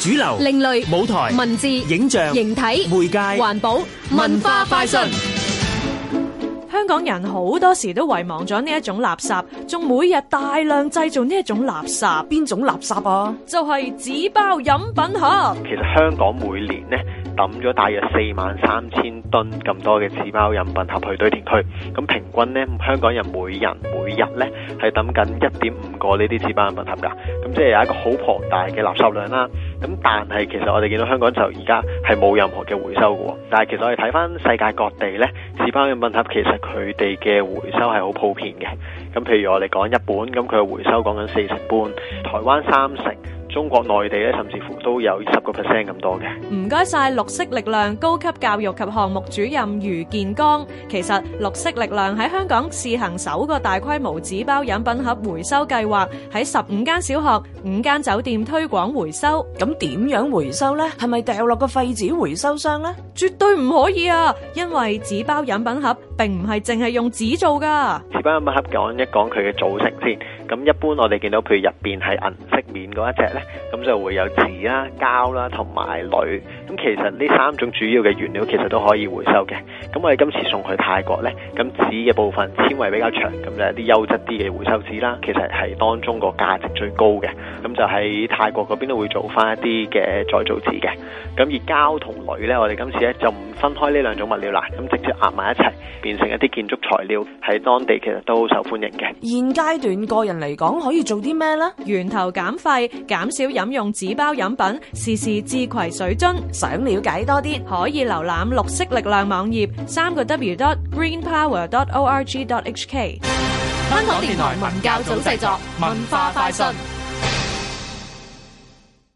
主流、另類、舞台、文字、影像、形體、媒介、環保、文化快訊。香港人好多時都遺忘咗呢一種垃圾，仲每日大量製造呢一種垃圾。邊種垃圾啊？就係、是、紙包飲品盒。其實香港每年呢？抌咗大約四萬三千噸咁多嘅紙包飲品盒去堆填區，咁平均呢，香港人每人每日呢係抌緊一點五個呢啲紙包飲品盒㗎，咁即係有一個好龐大嘅垃圾量啦。咁但係其實我哋見到香港就而家係冇任何嘅回收嘅喎，但係其實我哋睇返世界各地呢紙包飲品盒其實佢哋嘅回收係好普遍嘅。咁譬如我哋講日本，咁佢回收講緊四成半，台灣三成。中國內地咧，甚至乎都有十個 percent 咁多嘅。唔該晒，綠色力量高級教育及項目主任余建剛。其實綠色力量喺香港試行首個大規模紙包飲品盒回收計劃，喺十五間小學、五間酒店推廣回收。咁點樣回收呢？係咪掉落個廢紙回收箱呢？絕對唔可以啊！因為紙包飲品盒並唔係淨係用紙做㗎，持翻筆盒講一講佢嘅組成先。咁一般我哋見到譬如入邊係銀色面嗰一隻呢，咁就會有紙啦、膠啦同埋鋁。咁其實呢三種主要嘅原料其實都可以回收嘅。咁我哋今次送去泰國呢，咁紙嘅部分纖維比較長，咁呢啲優質啲嘅回收紙啦，其實係當中個價值最高嘅。咁就喺泰國嗰邊都會做返一啲嘅再造紙嘅。咁而膠同鋁呢，我哋今次呢就唔分開呢兩種物料啦，咁直接壓埋一齊變成一啲建築材料，喺當地其實都好受歡迎嘅。現階段個人嚟講可以做啲咩呢？源頭減廢，減少飲用紙包飲品，時時自攜水樽。想了解多啲，可以瀏覽綠色力量網頁，三個 w dot green power dot o r g dot h k。香港電台文教組製作，文化快訊。